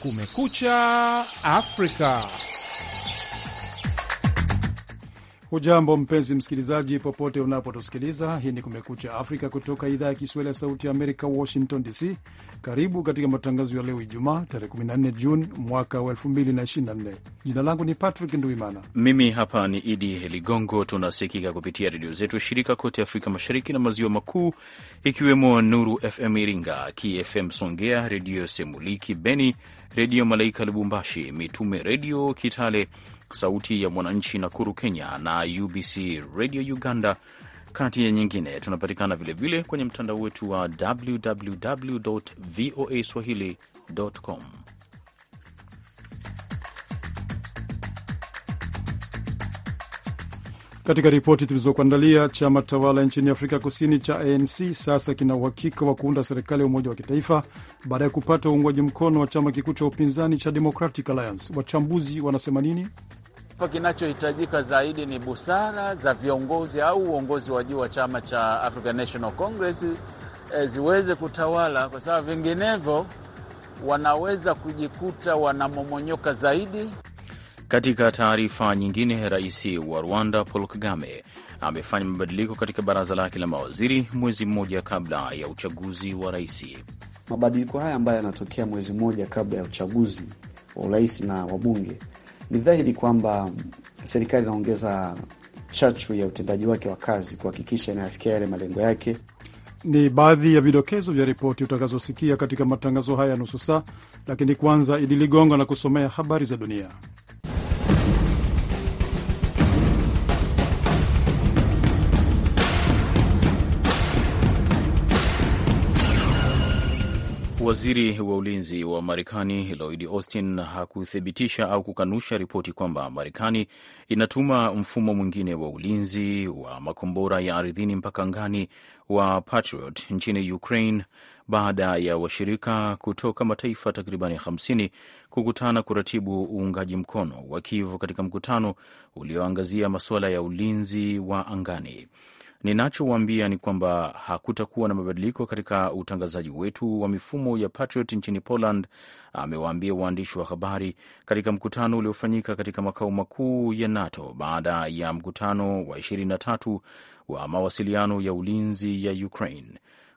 Kumekucha Afrika. Hujambo mpenzi msikilizaji, popote unapotusikiliza. Hii ni Kumekucha Afrika kutoka idhaa ya Kiswahili ya Sauti ya Amerika, Washington DC. Karibu katika matangazo ya leo Ijumaa, tarehe 14 Juni mwaka wa 2024. Jina langu ni Patrick Nduimana, mimi hapa ni Idi Ligongo. Tunasikika kupitia redio zetu shirika kote Afrika Mashariki na Maziwa Makuu, ikiwemo Nuru FM Iringa, KFM Songea, Redio Semuliki Beni, Redio Malaika Lubumbashi, Mitume Redio Kitale, Sauti ya Mwananchi Nakuru, Kenya na UBC Radio Uganda, kati ya nyingine. Tunapatikana vilevile kwenye mtandao wetu wa www voa swahili.com. Katika ripoti tulizokuandalia, chama tawala nchini Afrika Kusini cha ANC sasa kina uhakika wa kuunda serikali ya umoja wa kitaifa baada ya kupata uungwaji mkono wa chama kikuu cha upinzani cha Democratic Alliance. Wachambuzi wanasema nini? Kinachohitajika zaidi ni busara za viongozi au uongozi wa juu wa chama cha African National Congress eh, ziweze kutawala, kwa sababu vinginevyo wanaweza kujikuta wanamomonyoka zaidi. Katika taarifa nyingine, rais wa Rwanda Paul Kagame amefanya mabadiliko katika baraza lake la mawaziri mwezi mmoja kabla ya uchaguzi wa rais. Mabadiliko haya ambayo yanatokea mwezi mmoja kabla ya uchaguzi wa urais na wabunge, ni dhahiri kwamba serikali inaongeza chachu ya utendaji wake wa kazi kuhakikisha inayafikia yale malengo yake. Ni baadhi ya vidokezo vya ripoti utakazosikia katika matangazo haya ya nusu saa, lakini kwanza Idi Ligongo na kusomea habari za dunia. Waziri wa ulinzi wa Marekani Lloyd Austin hakuthibitisha au kukanusha ripoti kwamba Marekani inatuma mfumo mwingine wa ulinzi wa makombora ya ardhini mpaka angani wa Patriot nchini Ukraine baada ya washirika kutoka mataifa takribani 50 kukutana kuratibu uungaji mkono wa kivu katika mkutano ulioangazia masuala ya ulinzi wa angani. Ninachowaambia ni kwamba hakutakuwa na mabadiliko katika utangazaji wetu wa mifumo ya Patriot nchini Poland, amewaambia waandishi wa habari katika mkutano uliofanyika katika makao makuu ya NATO baada ya mkutano wa 23 wa mawasiliano ya ulinzi ya Ukraine.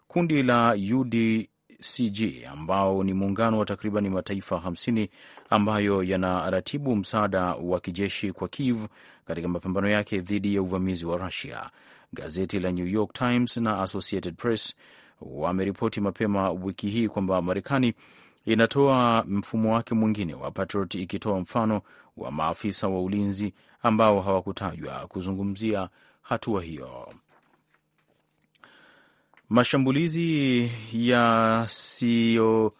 Kundi la UDCG ambao ni muungano wa takriban mataifa 50 ambayo yanaratibu msaada wa kijeshi kwa Kiev katika mapambano yake dhidi ya uvamizi wa Rusia Gazeti la New York Times na Associated Press wameripoti mapema wiki hii kwamba Marekani inatoa mfumo wake mwingine wa Patriot, ikitoa mfano wa maafisa wa ulinzi ambao hawakutajwa kuzungumzia hatua hiyo. Mashambulizi yasiyo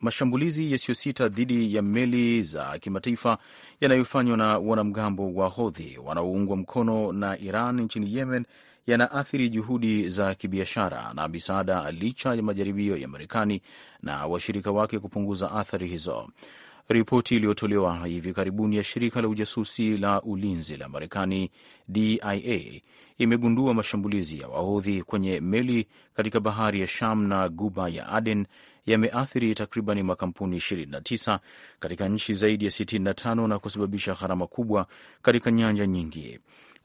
mashambulizi yasiyosita dhidi ya meli za kimataifa yanayofanywa na wanamgambo wa Hodhi wanaoungwa mkono na Iran nchini Yemen yanaathiri juhudi za kibiashara na misaada licha ya majaribio ya Marekani na washirika wake kupunguza athari hizo. Ripoti iliyotolewa hivi karibuni ya shirika la ujasusi la ulinzi la Marekani DIA imegundua mashambulizi ya wahodhi kwenye meli katika bahari ya Sham na guba ya Aden yameathiri takribani makampuni 29 katika nchi zaidi ya 65 na kusababisha gharama kubwa katika nyanja nyingi.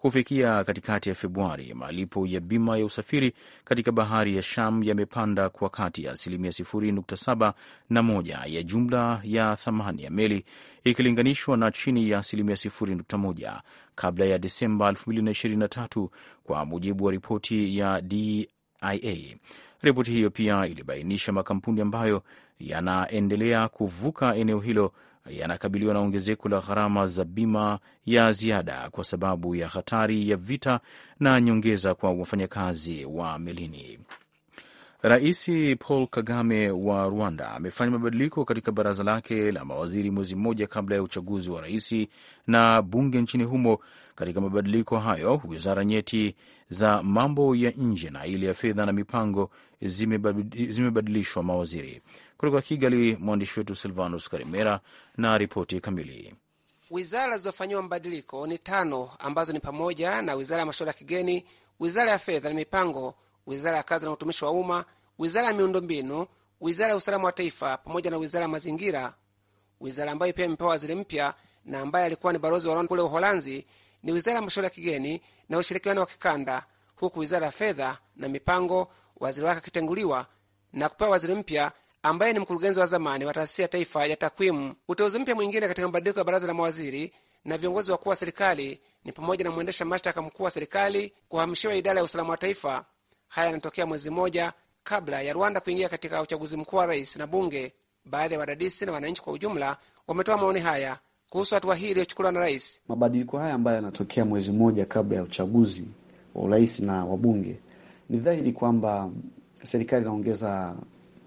Kufikia katikati ya Februari, malipo ya bima ya usafiri katika bahari ya Sham yamepanda kwa kati ya asilimia 7 na moja ya jumla ya thamani ya meli ikilinganishwa na chini ya asilimia 0.1 kabla ya Desemba 2023 kwa mujibu wa ripoti ya DIA. Ripoti hiyo pia ilibainisha makampuni ambayo yanaendelea kuvuka eneo hilo yanakabiliwa na ongezeko la gharama za bima ya ziada kwa sababu ya hatari ya vita na nyongeza kwa wafanyakazi wa melini. Rais Paul Kagame wa Rwanda amefanya mabadiliko katika baraza lake la mawaziri mwezi mmoja kabla ya uchaguzi wa rais na bunge nchini humo. Katika mabadiliko hayo, wizara nyeti za mambo ya nje na ile ya fedha na mipango zimebadilishwa mawaziri. Kutoka Kigali, mwandishi wetu Silvanus Karimera na ripoti kamili. Wizara zilizofanyiwa mabadiliko ni tano ambazo ni pamoja na wizara ya mashauri ya kigeni, wizara ya fedha na mipango, wizara ya kazi na utumishi wa umma, wizara ya miundombinu, wizara ya usalama wa taifa pamoja na wizara ya mazingira. Wizara ambayo pia imepewa waziri mpya na ambaye alikuwa ni balozi wa Rwanda kule Uholanzi ni wizara ya mashauri ya kigeni na ushirikiano wa kikanda, huku wizara ya fedha na mipango waziri wake akitenguliwa na kupewa waziri mpya ambaye ni mkurugenzi wa zamani wa taasisi ya taifa ya takwimu. Uteuzi mpya mwingine katika mabadiliko ya baraza la mawaziri na viongozi wakuu wa serikali ni pamoja na mwendesha mashtaka mkuu wa serikali kuhamishiwa idara ya usalama wa taifa. Haya yanatokea mwezi mmoja kabla ya Rwanda kuingia katika uchaguzi mkuu wa rais na bunge. Baadhi ya wadadisi na wananchi kwa ujumla wametoa maoni haya kuhusu hatua hii iliyochukuliwa na rais. Mabadiliko haya ambayo yanatokea mwezi mmoja kabla ya uchaguzi wa urais na wabunge, ni dhahiri kwamba serikali inaongeza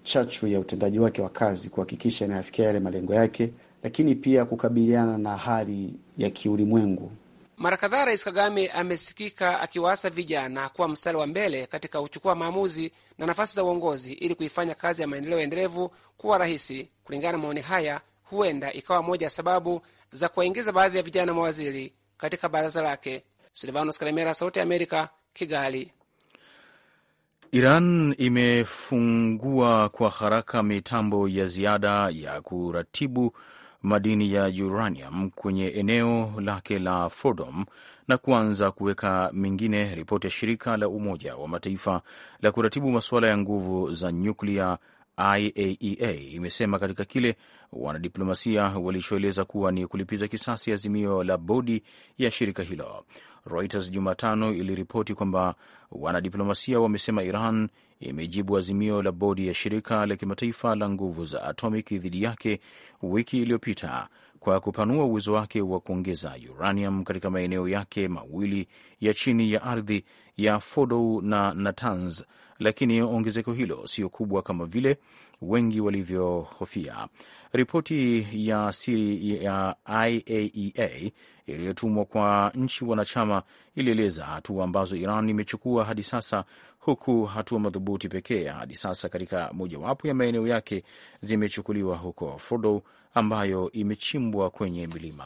chachu ya utendaji wake wa kazi kuhakikisha inayafikia yale malengo yake, lakini pia kukabiliana na hali ya kiulimwengu. Mara kadhaa Rais Kagame amesikika akiwaasa vijana kuwa mstari wa mbele katika kuchukua maamuzi na nafasi za uongozi ili kuifanya kazi ya maendeleo endelevu kuwa rahisi. Kulingana na maoni haya, huenda ikawa moja ya sababu za kuwaingiza baadhi ya vijana mawaziri katika baraza lake. Silvanos Kalemera, Sauti ya Amerika, Kigali. Iran imefungua kwa haraka mitambo ya ziada ya kuratibu madini ya uranium kwenye eneo lake la Fordom na kuanza kuweka mingine. Ripoti ya shirika la Umoja wa Mataifa la kuratibu masuala ya nguvu za nyuklia IAEA e imesema katika kile wanadiplomasia walichoeleza kuwa ni kulipiza kisasi azimio la bodi ya shirika hilo. Reuters Jumatano iliripoti kwamba wanadiplomasia wamesema Iran imejibu azimio la bodi ya shirika la kimataifa la nguvu za atomic dhidi yake wiki iliyopita kwa kupanua uwezo wake wa kuongeza uranium katika maeneo yake mawili ya chini ya ardhi ya Fordow na Natanz lakini ongezeko hilo sio kubwa kama vile wengi walivyohofia. Ripoti ya siri ya IAEA e iliyotumwa kwa nchi wanachama ilieleza hatua ambazo Iran imechukua hadi sasa, huku hatua madhubuti pekee hadi sasa katika mojawapo ya maeneo yake zimechukuliwa huko Fordo, ambayo imechimbwa kwenye milima.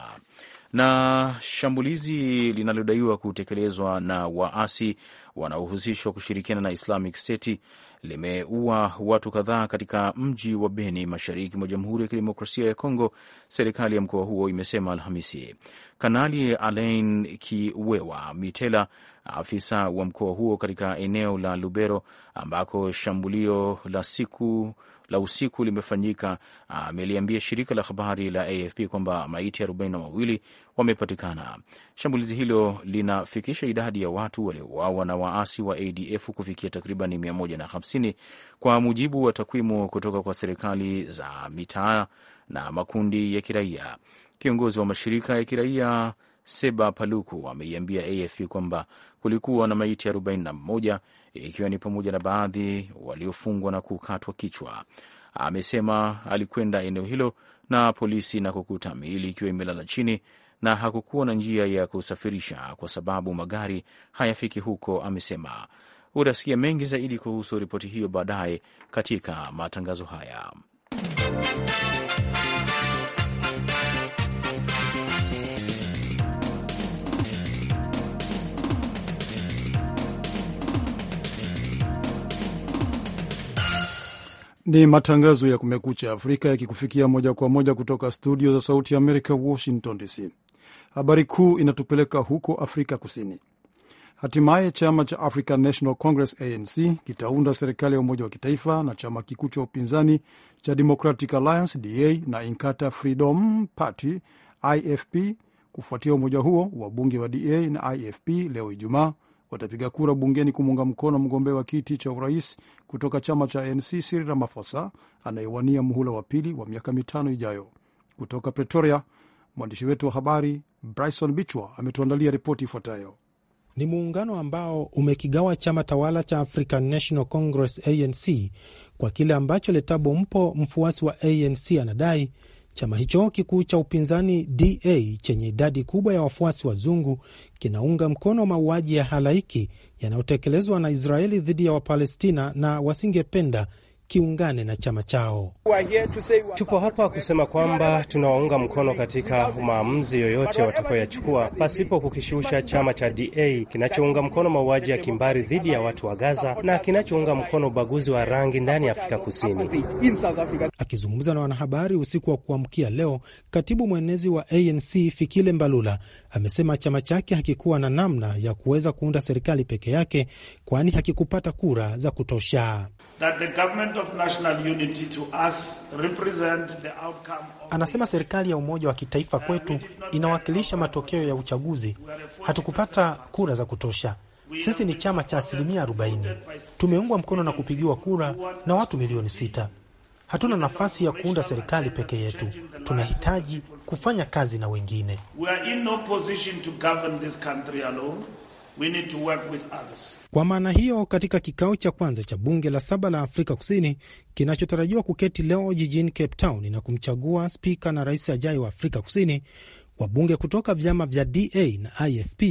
Na shambulizi linalodaiwa kutekelezwa na waasi wanaohusishwa kushirikiana na Islamic State limeua watu kadhaa katika mji wa Beni, mashariki mwa Jamhuri ya Kidemokrasia ya Kongo, serikali ya mkoa huo imesema Alhamisi. Kanali Alain Kiwewa Mitela, afisa wa mkoa huo katika eneo la Lubero ambako shambulio la siku la usiku limefanyika, ah, ameliambia shirika la habari la AFP kwamba maiti arobaini na wawili wamepatikana. Shambulizi hilo linafikisha idadi ya watu waliouawa na waasi wa ADF kufikia takriban 150 kwa mujibu wa takwimu kutoka kwa serikali za mitaa na makundi ya kiraia. Kiongozi wa mashirika ya kiraia Seba Paluku ameiambia AFP kwamba kulikuwa na maiti 41 ikiwa ni pamoja na baadhi waliofungwa na kukatwa kichwa. Amesema alikwenda eneo hilo na polisi na kukuta miili ikiwa imelala chini na hakukuwa na njia ya kusafirisha kwa sababu magari hayafiki huko, amesema. Utasikia mengi zaidi kuhusu ripoti hiyo baadaye katika matangazo haya. Ni matangazo ya Kumekucha Afrika yakikufikia moja kwa moja kutoka studio za Sauti ya Amerika, Washington DC. Habari kuu inatupeleka huko Afrika Kusini. Hatimaye chama cha African National Congress, ANC, kitaunda serikali ya umoja wa kitaifa na chama kikuu cha upinzani cha Democratic Alliance, DA, na inkata Freedom Party, IFP, kufuatia umoja huo. Wabunge wa DA na IFP leo Ijumaa watapiga kura bungeni kumuunga mkono mgombea wa kiti cha urais kutoka chama cha ANC Cyril Ramaphosa anayewania muhula wa pili wa miaka mitano ijayo. Kutoka Pretoria, mwandishi wetu wa habari Bryson Bichwa ametuandalia ripoti ifuatayo. Ni muungano ambao umekigawa chama tawala cha African National Congress ANC kwa kile ambacho Letabo Mpo, mfuasi wa ANC, anadai Chama hicho kikuu cha upinzani DA chenye idadi kubwa ya wafuasi wazungu kinaunga mkono mauaji ya halaiki yanayotekelezwa na Israeli dhidi ya Wapalestina na wasingependa kiungane na chama chao. Tupo hapa kusema kwamba tunawaunga mkono katika maamuzi yoyote watakayoyachukua pasipo kukishusha chama cha DA kinachounga mkono mauaji ya kimbari dhidi ya watu wa Gaza na kinachounga mkono ubaguzi wa rangi ndani ya Afrika Kusini. Akizungumza na wanahabari usiku wa kuamkia leo, katibu mwenezi wa ANC Fikile Mbalula amesema chama chake hakikuwa na namna ya kuweza kuunda serikali peke yake, kwani hakikupata kura za kutosha That the government of national unity to us represent the outcome of... Anasema serikali ya umoja wa kitaifa uh, kwetu inawakilisha matokeo ya uchaguzi. Hatukupata kura za kutosha. Sisi ni chama cha asilimia 40, tumeungwa mkono na kupigiwa kura na watu milioni sita. Hatuna nafasi ya kuunda serikali peke yetu, tunahitaji kufanya kazi na wengine. We are in no position to govern this country alone. We need to work with others. Kwa maana hiyo, katika kikao cha kwanza cha bunge la saba la Afrika Kusini kinachotarajiwa kuketi leo jijini Cape Town na kumchagua spika na rais ajai wa Afrika Kusini, wabunge kutoka vyama vya DA na IFP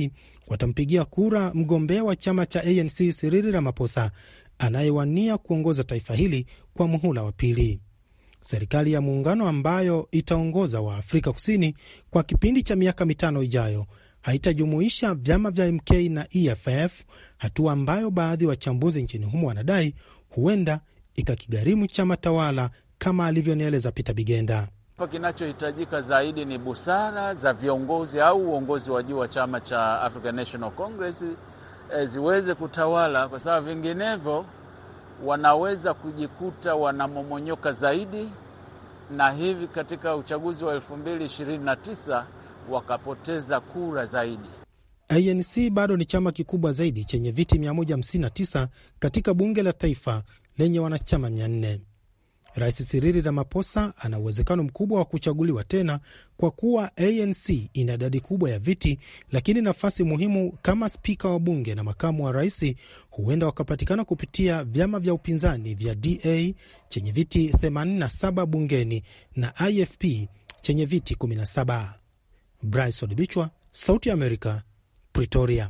watampigia kura mgombea wa chama cha ANC Cyril Ramaphosa anayewania kuongoza taifa hili kwa muhula wa pili. Serikali ya muungano ambayo itaongoza wa Afrika Kusini kwa kipindi cha miaka mitano ijayo haitajumuisha vyama vya MK na EFF, hatua ambayo baadhi ya wachambuzi nchini humo wanadai huenda ikakigharimu chama tawala, kama alivyonieleza Peter Bigenda. Kinachohitajika zaidi ni busara za viongozi au uongozi wa juu wa chama cha African National Congress e, ziweze kutawala, kwa sababu vinginevyo wanaweza kujikuta wanamomonyoka zaidi, na hivi katika uchaguzi wa 2029 wakapoteza kura zaidi. ANC bado ni chama kikubwa zaidi chenye viti 159 katika bunge la taifa lenye wanachama 400. Rais Cyril Ramaphosa ana uwezekano mkubwa wa kuchaguliwa tena kwa kuwa ANC ina idadi kubwa ya viti, lakini nafasi muhimu kama spika wa bunge na makamu wa rais huenda wakapatikana kupitia vyama vya upinzani vya DA chenye viti 87 bungeni na IFP chenye viti 17. Bryson Bichwa, Sauti ya Amerika, Pretoria.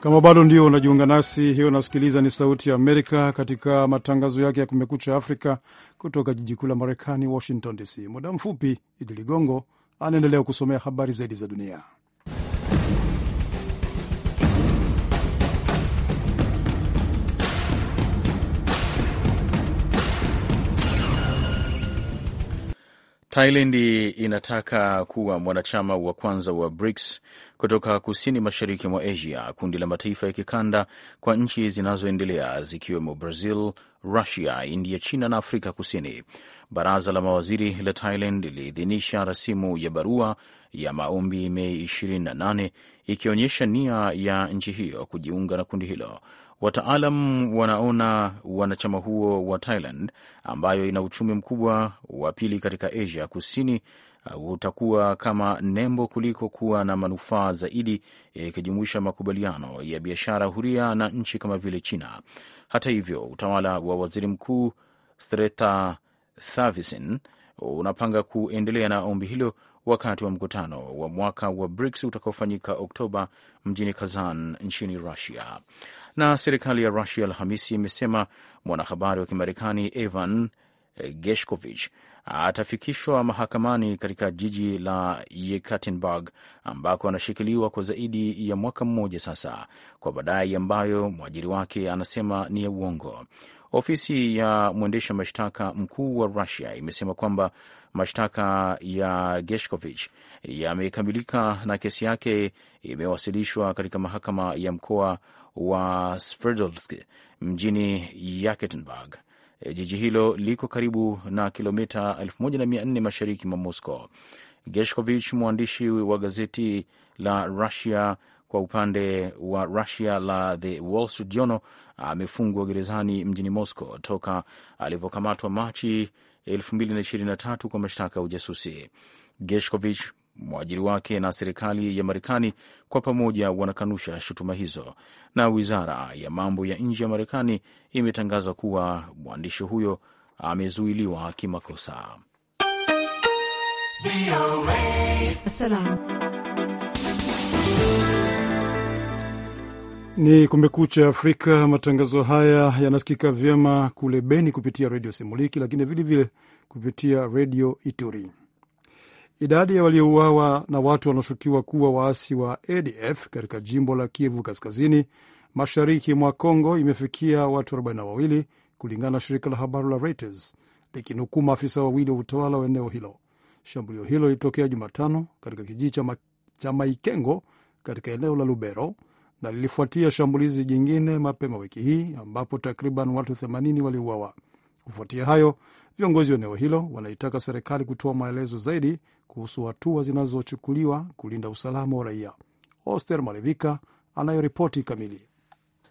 Kama bado ndio unajiunga nasi, hiyo unasikiliza ni Sauti ya Amerika katika matangazo yake ya Kumekucha Afrika kutoka jiji kuu la Marekani, Washington DC. Muda mfupi, Idi Ligongo anaendelea kusomea habari zaidi za dunia. Thailand inataka kuwa mwanachama wa kwanza wa BRICS kutoka kusini mashariki mwa Asia, kundi la mataifa ya kikanda kwa nchi zinazoendelea zikiwemo Brazil, Russia, India, China na Afrika Kusini. Baraza la mawaziri la Thailand liliidhinisha rasimu ya barua ya maombi Mei 28 ikionyesha nia ya nchi hiyo kujiunga na kundi hilo. Wataalam wanaona wanachama huo wa Thailand, ambayo ina uchumi mkubwa wa pili katika Asia Kusini, uh, utakuwa kama nembo kuliko kuwa na manufaa zaidi, ikijumuisha makubaliano ya biashara huria na nchi kama vile China. Hata hivyo, utawala wa waziri mkuu streta Thavisin unapanga kuendelea na ombi hilo wakati wa mkutano wa mwaka wa BRICS utakaofanyika Oktoba mjini Kazan nchini Russia. Na serikali ya Rusia Alhamisi imesema mwanahabari wa Kimarekani Evan Geshkovich atafikishwa mahakamani katika jiji la Yekaterinburg ambako anashikiliwa kwa zaidi ya mwaka mmoja sasa kwa madai ambayo mwajiri wake anasema ni ya uongo. Ofisi ya mwendesha mashtaka mkuu wa Rusia imesema kwamba mashtaka ya Geshkovich yamekamilika na kesi yake imewasilishwa katika mahakama ya mkoa wa Sverdlovsk mjini Yekaterinburg. E, jiji hilo liko karibu na kilomita 1400 mashariki mwa Moscow. Geshkovich, mwandishi wa gazeti la Russia kwa upande wa Russia la The Wall Street Journal, amefungwa gerezani mjini Moscow toka alipokamatwa Machi 2023 kwa mashtaka ya ujasusi. Geshkovich mwajiri wake na serikali ya Marekani kwa pamoja wanakanusha shutuma hizo, na wizara ya mambo ya nje ya Marekani imetangaza kuwa mwandishi huyo amezuiliwa kimakosa. Ni Kumekucha Afrika. Matangazo haya yanasikika vyema kule Beni kupitia redio simuliki lakini vilevile kupitia redio Ituri. Idadi ya waliouawa na watu wanaoshukiwa kuwa waasi wa ADF katika jimbo la Kivu Kaskazini, mashariki mwa congo imefikia watu 42 kulingana na shirika la habari la Reuters likinukuu maafisa wawili wa utawala wa eneo hilo. Shambulio hilo lilitokea Jumatano katika kijiji cha, ma, cha Maikengo katika eneo la Lubero na lilifuatia shambulizi jingine mapema wiki hii ambapo takriban watu 80 waliuawa. Kufuatia hayo, viongozi wa eneo hilo wanaitaka serikali kutoa maelezo zaidi kuhusu hatua zinazochukuliwa kulinda usalama wa raia. Oster Malevika anayoripoti kamili.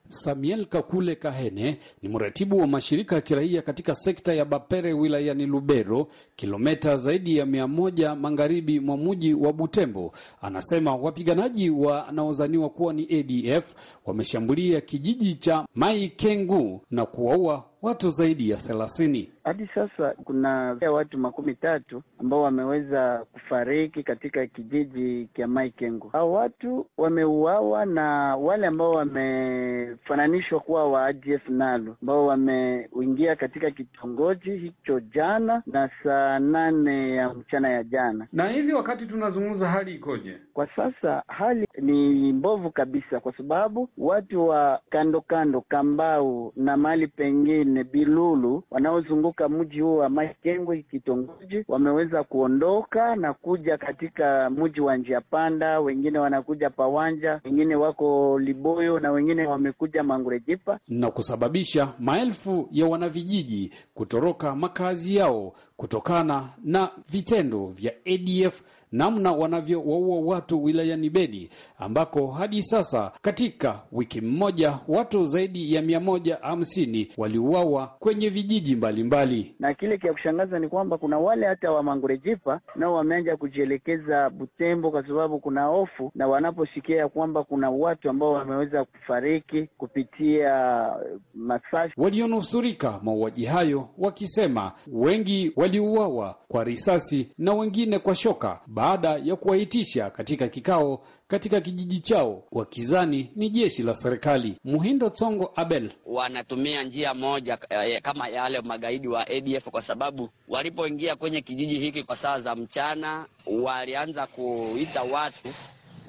Samuel Kakule Kahene ni mratibu wa mashirika ya kiraia katika sekta ya Bapere wilayani Lubero, kilometa zaidi ya mia moja magharibi mwa mji wa Butembo. Anasema wapiganaji wanaozaniwa kuwa ni ADF wameshambulia kijiji cha Mai Kengu na kuwaua watu zaidi ya thelathini. Hadi sasa kuna watu makumi tatu ambao wameweza kufariki katika kijiji cha Maikengo. Hao watu wameuawa na wale ambao wamefananishwa kuwa wa ADF nalo ambao wameingia katika kitongoji hicho jana na saa nane ya mchana ya jana. Na hivi wakati tunazungumza, hali ikoje kwa sasa? Hali ni mbovu kabisa, kwa sababu watu wa kando kando Kambau na mahali pengine Martin Bilulu wanaozunguka mji huo wa Makengwe kitongoji, wameweza kuondoka na kuja katika mji wa njia panda, wengine wanakuja Pawanja, wengine wako Liboyo na wengine wamekuja Mangurejipa na kusababisha maelfu ya wanavijiji kutoroka makazi yao kutokana na vitendo vya ADF namna wanavyowaua watu wilayani Beni ambako hadi sasa katika wiki mmoja watu zaidi ya mia moja hamsini waliuawa kwenye vijiji mbalimbali mbali. Na kile kia kushangaza ni kwamba kuna wale hata wa mangurejipa nao wameanja kujielekeza Butembo kwa sababu kuna hofu, na wanaposikia ya kwamba kuna watu ambao wameweza kufariki kupitia uh, masafi, walionusurika mauaji hayo, wakisema wengi waliuawa kwa risasi na wengine kwa shoka baada ya kuwahitisha katika kikao katika kijiji chao wakizani ni jeshi la serikali. Muhindo Tsongo Abel: wanatumia njia moja e, kama yale magaidi wa ADF kwa sababu walipoingia kwenye kijiji hiki kwa saa za mchana walianza kuita watu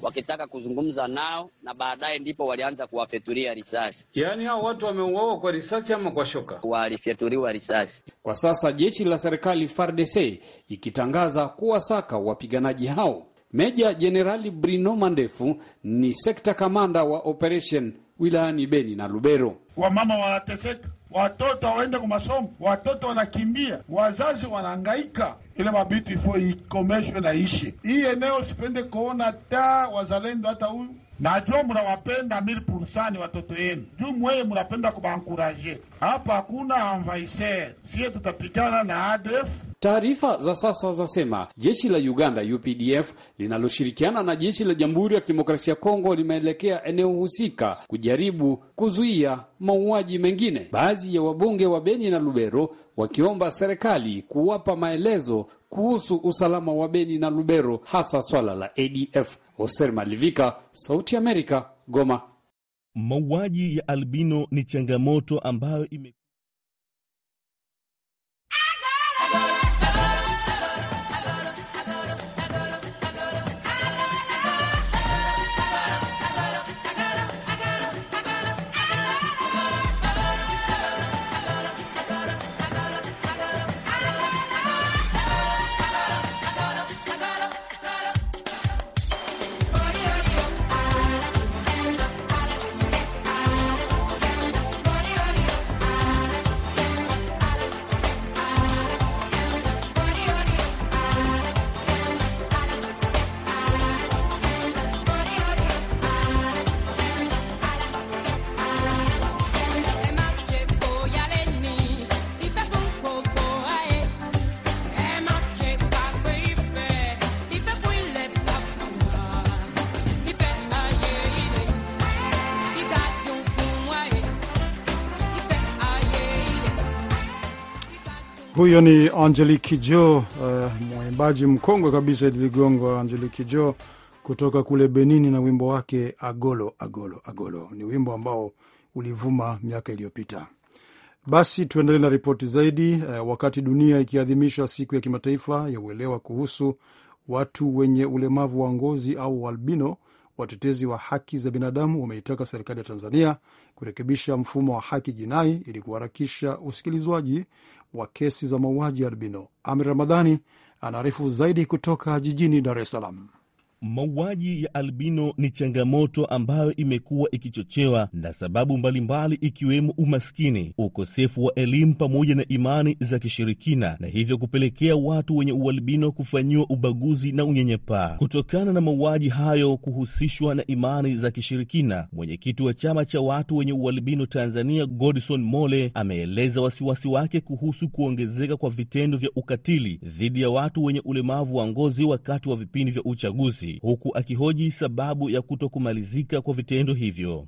wakitaka kuzungumza nao, na baadaye ndipo walianza kuwafyatulia risasi. Yaani hao watu wameuawa kwa risasi ama kwa shoka? Walifyatuliwa risasi. Kwa sasa jeshi la serikali FARDC ikitangaza kuwasaka wapiganaji hao. Meja Jenerali Brino Mandefu ni sekta kamanda wa operation wilayani Beni na Lubero. Wamama wanateseka, watoto hawaende kwa masomo, watoto wanakimbia, wazazi wanahangaika ile mabitu ifo ikomeshwe na ishe. Hii eneo sipende kuona ta wazalendo hata huyu Najua munawapenda mil pursani watoto yenu juu mweye munapenda kubankuraje. Hapa hakuna envahisseur, sie tutapitana na ADF. Taarifa za sasa zasema jeshi la Uganda UPDF linaloshirikiana na jeshi la Jamhuri ya Kidemokrasia ya Kongo limeelekea eneo husika kujaribu kuzuia mauaji mengine. Baadhi ya wabunge wa Beni na Lubero wakiomba serikali kuwapa maelezo kuhusu usalama wa Beni na Lubero, hasa swala la ADF. Hoser Malivika, Sauti Amerika, Goma. Mauaji ya albino ni changamoto ambayo ime Huyo ni angeliki Jo, uh, eh, mwimbaji mkongwe kabisa Idiligongo, Angelique Jo kutoka kule Benini na wimbo wake agolo agolo agolo. Ni wimbo ambao ulivuma miaka iliyopita. Basi tuendelee na ripoti zaidi. Uh, wakati dunia ikiadhimisha siku ya kimataifa ya uelewa kuhusu watu wenye ulemavu wa ngozi au albino, watetezi wa haki za binadamu wameitaka serikali ya Tanzania kurekebisha mfumo wa haki jinai ili kuharakisha usikilizwaji wa kesi za mauaji ya albino. Ramadhani anaarifu zaidi kutoka jijini Dar es Salaam. Mauaji ya albino ni changamoto ambayo imekuwa ikichochewa na sababu mbalimbali ikiwemo umaskini, ukosefu wa elimu pamoja na imani za kishirikina, na hivyo kupelekea watu wenye ualbino kufanyiwa ubaguzi na unyanyapaa. Kutokana na mauaji hayo kuhusishwa na imani za kishirikina, mwenyekiti wa chama cha watu wenye ualbino Tanzania, Godson Mole, ameeleza wasiwasi wake kuhusu kuongezeka kwa vitendo vya ukatili dhidi ya watu wenye ulemavu wa ngozi wakati wa vipindi vya uchaguzi huku akihoji sababu ya kutokumalizika kwa vitendo hivyo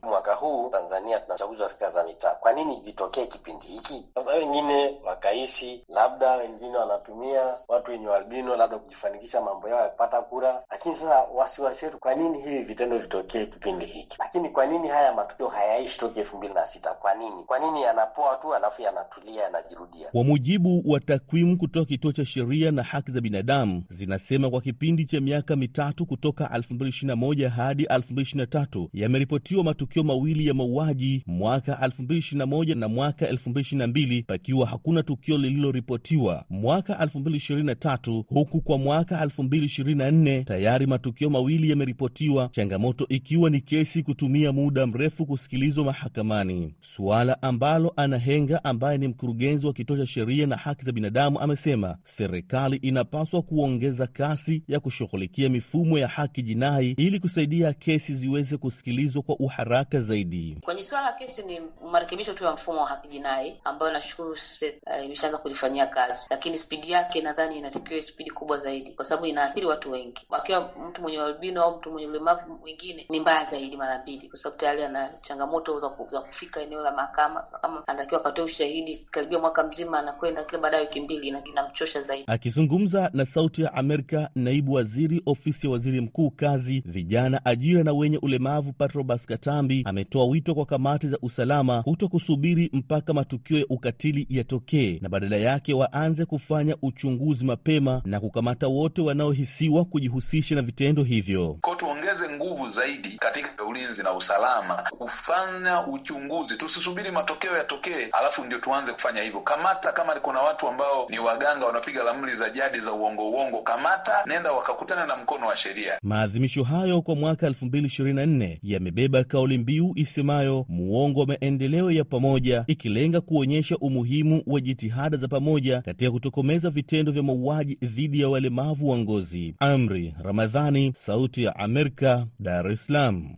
humu Tanzania tunachaguzwa sera za mitaa, kwa nini vitokee kipindi hiki sasa? Wengine wakaishi, labda wengine wanatumia watu wenye albino, labda kujifanikisha mambo yao ya kupata kura. Lakini sasa wasiwasi wetu, kwa nini hivi vitendo vitokee kipindi hiki? Lakini kwa nini haya matukio hayaishi toke elfu mbili na sita? Kwa nini, kwa nini yanapoa tu alafu yanatulia, yanajirudia? Kwa mujibu wa takwimu kutoka Kituo cha Sheria na Haki za Binadamu, zinasema kwa kipindi cha miaka mitatu kutoka 2021 hadi 2023 yameripotiwa matukio mawili ya mauaji mwaka 2021 na mwaka 2022 pakiwa hakuna tukio lililoripotiwa mwaka 2023, huku kwa mwaka 2024 tayari matukio mawili yameripotiwa, changamoto ikiwa ni kesi kutumia muda mrefu kusikilizwa mahakamani, suala ambalo Anahenga ambaye ni mkurugenzi wa kituo cha sheria na haki za binadamu amesema serikali inapaswa kuongeza kasi ya kushughulikia mifumo ya haki jinai ili kusaidia kesi ziweze kusikilizwa kwa uharaka zaidi hii. Kwenye suala la kesi, ni marekebisho tu ya mfumo wa haki jinai ambayo nashukuru uh, imeshaanza kulifanyia kazi, lakini spidi yake nadhani inatakiwa spidi kubwa zaidi, kwa sababu inaathiri watu wengi. Wakiwa mtu mwenye albino au mtu mwenye ulemavu mwingine, ni mbaya zaidi mara mbili, kwa sababu tayari ana changamoto za kufika eneo la mahakama. Kama anatakiwa akatoe ushahidi, karibia mwaka mzima anakwenda, kila baada ya wiki mbili inamchosha zaidi. Akizungumza na Sauti ya Amerika, naibu waziri ofisi ya waziri mkuu, kazi, vijana, ajira na wenye ulemavu Patrobas Katambi ametoa wito kwa kamati za usalama kuto kusubiri mpaka matukio ya ukatili yatokee na badala yake waanze kufanya uchunguzi mapema na kukamata wote wanaohisiwa kujihusisha na vitendo hivyo. Kwa tuongeze nguvu zaidi katika ulinzi na usalama, kufanya uchunguzi, tusisubiri matokeo yatokee alafu ndio tuanze kufanya hivyo. Kamata kama kuna watu ambao ni waganga wanapiga ramli za jadi za uongo uongo, kamata, nenda wakakutana na mkono wa sheria. Maadhimisho hayo kwa mwaka 2024 yamebeba kauli mbiu isema isemayo muongo wa maendeleo ya pamoja, ikilenga kuonyesha umuhimu wa jitihada za pamoja katika kutokomeza vitendo vya mauaji dhidi ya walemavu wa ngozi. Amri Ramadhani, Sauti ya Amerika, Dar es Salaam.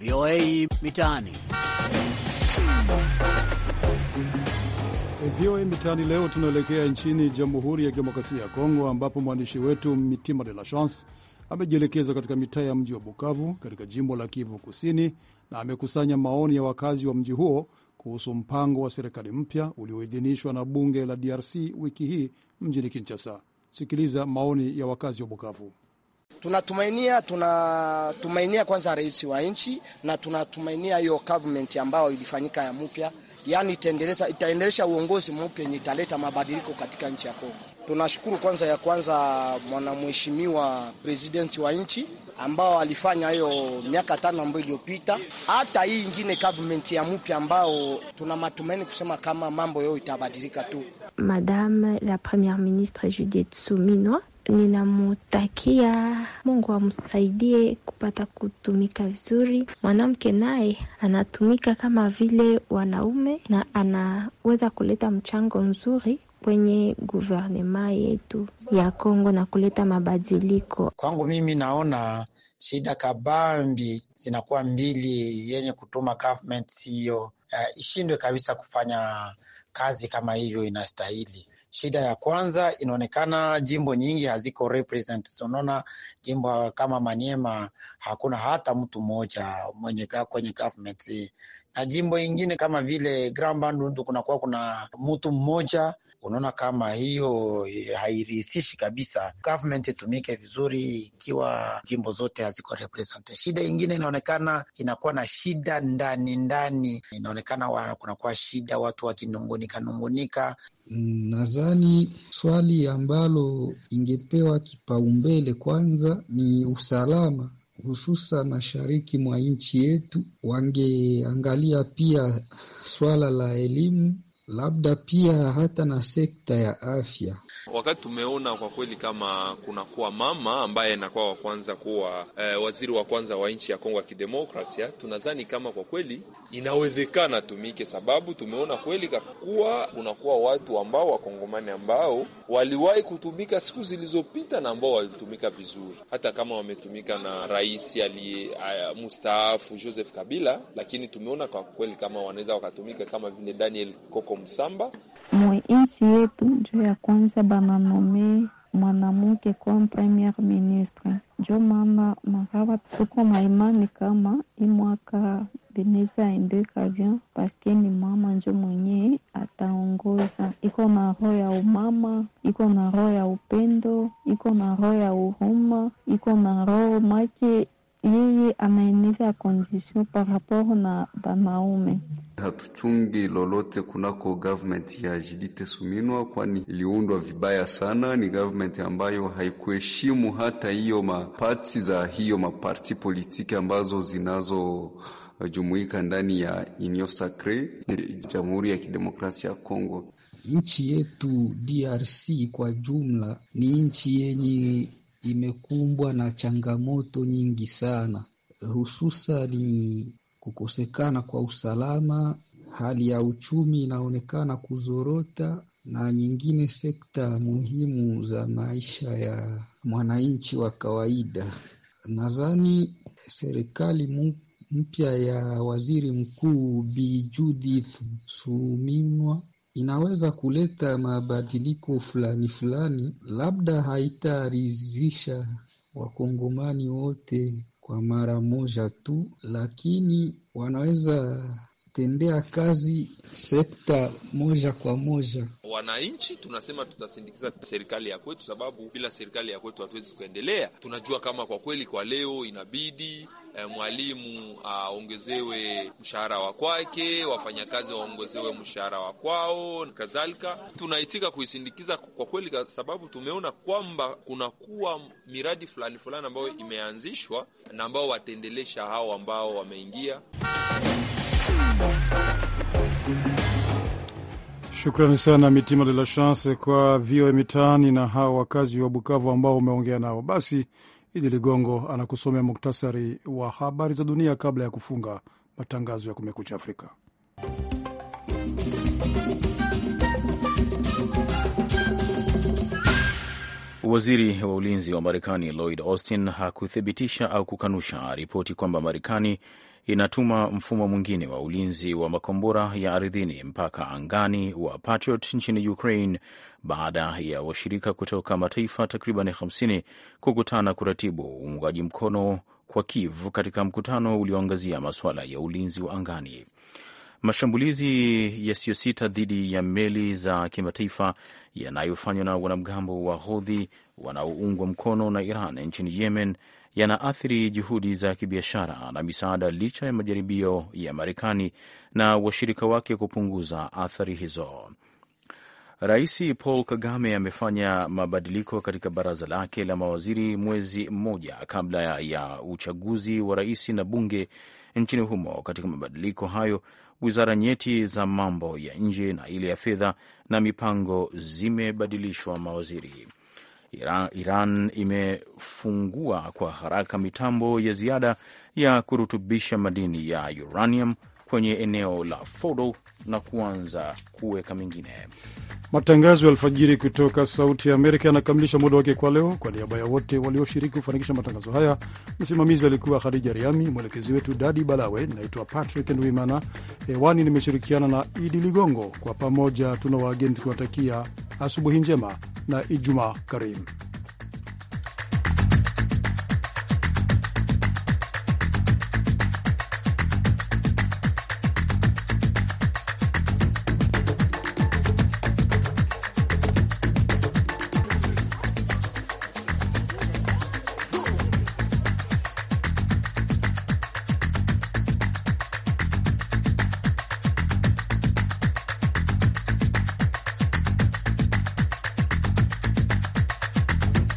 VOA Mitaani. VOA Mitaani leo tunaelekea nchini Jamhuri ya Kidemokrasia ya Kongo, ambapo mwandishi wetu Mitima de la Chance amejielekeza katika mitaa ya mji wa Bukavu katika jimbo la Kivu Kusini na amekusanya maoni ya wakazi wa mji huo kuhusu mpango wa serikali mpya ulioidhinishwa na bunge la DRC wiki hii mjini Kinshasa. Sikiliza maoni ya wakazi wa Bukavu. Tunatumainia, tunatumainia kwanza rais wa nchi na tunatumainia hiyo government ambayo ilifanyika ya mpya yani itaendeleza itaendelesha uongozi mpya yenye italeta mabadiliko katika nchi ya Kongo. Tunashukuru kwanza ya kwanza mwanamheshimiwa presidenti wa nchi ambao alifanya hiyo miaka tano ambayo iliyopita, hata hii ingine government ya mpya ambao tuna matumaini kusema kama mambo yao itabadilika tu. Madame la premiere ministre Judith Suminwa ninamutakia Mungu amsaidie kupata kutumika vizuri. Mwanamke naye anatumika kama vile wanaume na anaweza kuleta mchango mzuri kwenye guvernema yetu ya Kongo na kuleta mabadiliko. Kwangu mimi naona shida kabambi zinakuwa mbili yenye kutuma government hiyo uh, ishindwe kabisa kufanya kazi kama hivyo inastahili. Shida ya kwanza inaonekana jimbo nyingi haziko represent. Unaona jimbo kama Maniema hakuna hata mtu mmoja mwenye kwenye government na jimbo ingine kama vile Grand Bandundu kunakuwa kuna mtu mmoja. Unaona kama hiyo hairihisishi kabisa government itumike vizuri, ikiwa jimbo zote haziko represente. Shida ingine inaonekana inakuwa na shida ndani ndani, inaonekana kunakuwa shida, watu wakinungunika nungunika. Nadhani swali ambalo ingepewa kipaumbele kwanza ni usalama hususan mashariki mwa nchi yetu, wangeangalia pia swala la elimu labda pia hata na sekta ya afya. Wakati tumeona kwa kweli kama kunakuwa mama ambaye anakuwa wa kwanza kuwa e, waziri wa kwanza wa nchi ya Kongo ya Kidemokrasia, tunadhani kama kwa kweli inawezekana tumike, sababu tumeona kweli kakuwa kunakuwa watu ambao wakongomani ambao waliwahi kutumika siku zilizopita na ambao walitumika vizuri, hata kama wametumika na rais aliye mstaafu Joseph Kabila, lakini tumeona kwa kweli kama wanaweza wakatumika kama vile Daniel Koko Msamba mwe nchi yetu juu ya kwanza bamamome mwanamke kuwa premier ministre njo maana makaba tuko imani kama imwaka bineza endeka kavyo, paske ni mama njo mwenye ataongoza. Iko na roho ya umama, iko na roho ya upendo, iko na roho ya uhuma, iko na roho make yeye anaeneza condition par rapport na banaume. Hatuchungi lolote kunako government ya Jidite Suminwa, kwani iliundwa vibaya sana. Ni government ambayo haikuheshimu hata hiyo mapati za hiyo maparti politiki ambazo zinazojumuika ndani ya inyo Sacre Jamhuri ya Kidemokrasia ya Kongo. Nchi yetu DRC kwa jumla ni nchi yenye imekumbwa na changamoto nyingi sana hususani kukosekana kwa usalama, hali ya uchumi inaonekana kuzorota, na nyingine sekta muhimu za maisha ya mwananchi wa kawaida. Nadhani serikali mpya ya waziri mkuu Bi Judith Suminwa inaweza kuleta mabadiliko fulani fulani labda haitaridhisha wakongomani wote kwa mara moja tu, lakini wanaweza tendea kazi sekta moja kwa moja wananchi, tunasema tutasindikiza serikali ya kwetu, sababu bila serikali ya kwetu hatuwezi kuendelea. Tunajua kama kwa kweli kwa leo inabidi eh, mwalimu ah, aongezewe ah, mshahara wa kwake, wafanyakazi waongezewe mshahara wa kwao kadhalika. Tunaitika kuisindikiza kwa kweli, sababu tumeona kwamba kunakuwa miradi fulani fulani ambayo imeanzishwa na ambao wataendelesha hao ambao wameingia Shukrani sana Mitima de la Chance kwa VOA Mitaani na hawa wakazi wa Bukavu ambao umeongea nao. Basi Idi Ligongo anakusomea muktasari wa habari za dunia kabla ya kufunga matangazo ya Kumekucha Afrika. Waziri wa ulinzi wa Marekani Lloyd Austin hakuthibitisha au kukanusha ripoti kwamba Marekani inatuma mfumo mwingine wa ulinzi wa makombora ya ardhini mpaka angani wa Patriot nchini Ukraine baada ya washirika kutoka mataifa takriban 50 kukutana kuratibu uungaji mkono kwa Kiev katika mkutano ulioangazia masuala ya ulinzi wa angani. Mashambulizi yasiyosita dhidi ya meli za kimataifa yanayofanywa na wanamgambo wa Hodhi wanaoungwa mkono na Iran nchini Yemen yanaathiri juhudi za kibiashara na misaada, licha ya majaribio ya Marekani na washirika wake kupunguza athari hizo. Rais Paul Kagame amefanya mabadiliko katika baraza lake la mawaziri mwezi mmoja kabla ya uchaguzi wa rais na bunge nchini humo. Katika mabadiliko hayo, wizara nyeti za mambo ya nje na ile ya fedha na mipango zimebadilishwa mawaziri. Iran imefungua kwa haraka mitambo ya ziada ya kurutubisha madini ya uranium kwenye eneo la Fodo na kuanza kuweka mengine. Matangazo ya alfajiri kutoka Sauti ya Amerika yanakamilisha muda wake kwa leo. Kwa niaba ya wote walioshiriki kufanikisha matangazo haya, msimamizi alikuwa Khadija Riami, mwelekezi wetu Dadi Balawe. Naitwa Patrick Ndwimana, hewani nimeshirikiana na Idi Ligongo. Kwa pamoja tuna wageni tukiwatakia asubuhi njema na Ijumaa karimu.